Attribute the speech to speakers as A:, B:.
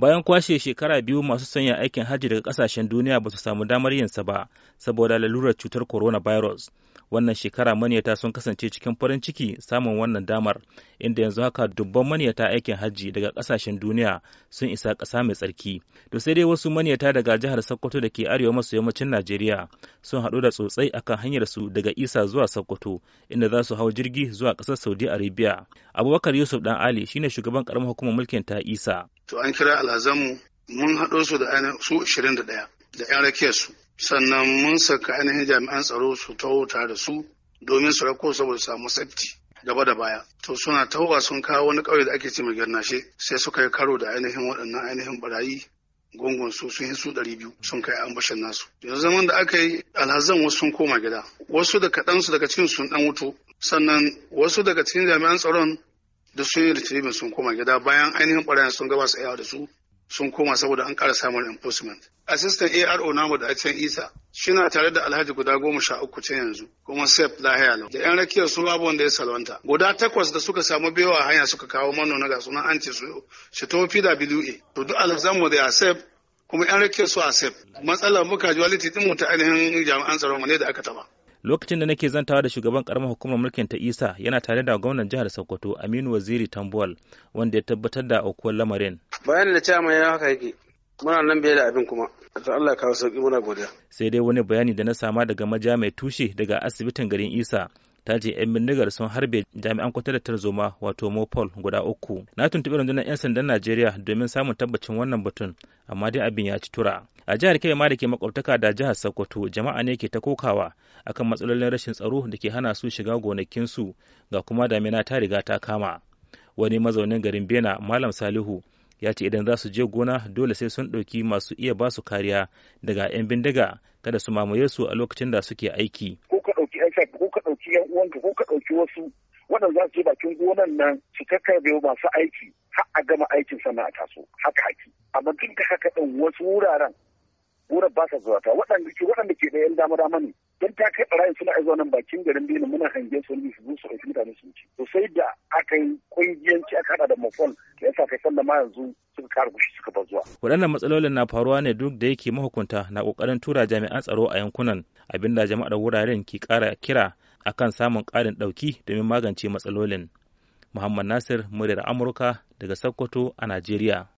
A: bayan kwashe shekara biyu masu sanya aikin hajji daga kasashen duniya ba su samu damar yinsa ba saboda lalurar cutar corona coronavirus wannan shekara maniyata sun kasance cikin farin ciki samun wannan damar inda yanzu haka dubban maniyata aikin hajji daga kasashen duniya sun isa ƙasa mai tsarki to sai dai wasu maniyata daga jihar sokoto da ke arewa maso yammacin najeriya sun haɗu da tsotsai akan hanyar su daga isa zuwa sokoto inda za su hau jirgi zuwa ƙasar saudi arabia abubakar yusuf dan ali shine shugaban karamar hukumar mulkin ta isa
B: to an kira alhazanmu mun haɗo su da ainihin su 21 da 'yan rakiyar su sannan mun saka ainihin jami'an tsaro su taho tare da su domin su rako saboda samu safti gaba da baya to suna tahowa sun kawo wani ƙauye da ake ce mai garnashe sai suka yi karo da ainihin waɗannan ainihin barayi gungun su sun yi su ɗari biyu sun kai ambashin nasu yanzu zaman da aka yi alhazan wasu sun koma gida wasu da kaɗansu daga cikin sun ɗan wuto sannan wasu daga cikin jami'an tsaron duk sun yi retrieving sun koma gida bayan ainihin ɓarayin sun gaba su da su sun koma saboda an ƙara samun enforcement. Assistant ARO namu da can Isa shina tare da Alhaji guda goma sha uku can yanzu kuma Sef Lahiya lau. Da 'yan rakiyar su babu wanda ya salwanta. Guda takwas da suka samu bewa hanya suka kawo manona ga sunan an ce su to PWA. To duk alzamu da Sef kuma 'yan rakiyar su a Sef. Matsalar muka ji waliti din mu ta ainihin jami'an tsaron ne da aka taɓa?
A: lokacin da nake zantawa da shugaban karamar hukumar mulkin ta isa yana tare da gwamnan jihar sokoto aminu waziri tambuwal wanda ya tabbatar da aukuwar lamarin
B: bayan da cewa ya haka yake muna nan biye da abin kuma ta Allah kawo sauki muna godiya
A: sai dai wani bayani da na sama daga maja mai tushe daga asibitin garin isa ta ce 'yan bindigar sun harbe jami'an kwatar da tarzoma wato mopol guda uku na tuntuɓi rundunar 'yan sandan najeriya domin samun tabbacin wannan batun amma dai abin ya ci tura a jihar kai ma da ke makwabtaka da jihar sokoto jama'a ne ke ta kokawa akan matsalolin rashin tsaro da ke hana su shiga gonakinsu ga kuma damina ta riga ta kama wani mazaunin garin bena malam salihu ya ce idan za su je gona dole sai sun ɗauki masu iya ba su kariya daga 'yan bindiga kada su mamaye su a lokacin da suke aiki.
C: aika ko ka ɗauki yan uwanka ko ka ɗauki wasu waɗanda za su je bakin gonan nan su kakkarbe masu aiki har a gama aikin sana'a a taso haka haki amma duk da haka ɗan wasu wuraren wurin ba sa zuwa ta waɗanda ke waɗanda ke da yan dama dama ne don ta kai ɓarayin suna aizuwa nan bakin garin Benin muna hangen su ne su zo su aiki mutane su wuce to sai da aka yi ƙungiyanci aka haɗa da mafon da ya sa kai sanda ma yanzu suka kara gushi suka bar zuwa.
A: Waɗannan matsalolin na faruwa ne duk da yake mahukunta na ƙoƙarin tura jami'an tsaro a yankunan abinda jama'ar wuraren ke ƙara kira akan samun ƙarin ɗauki domin magance matsalolin. Muhammad Nasir, muryar Amurka daga Sokoto a Najeriya.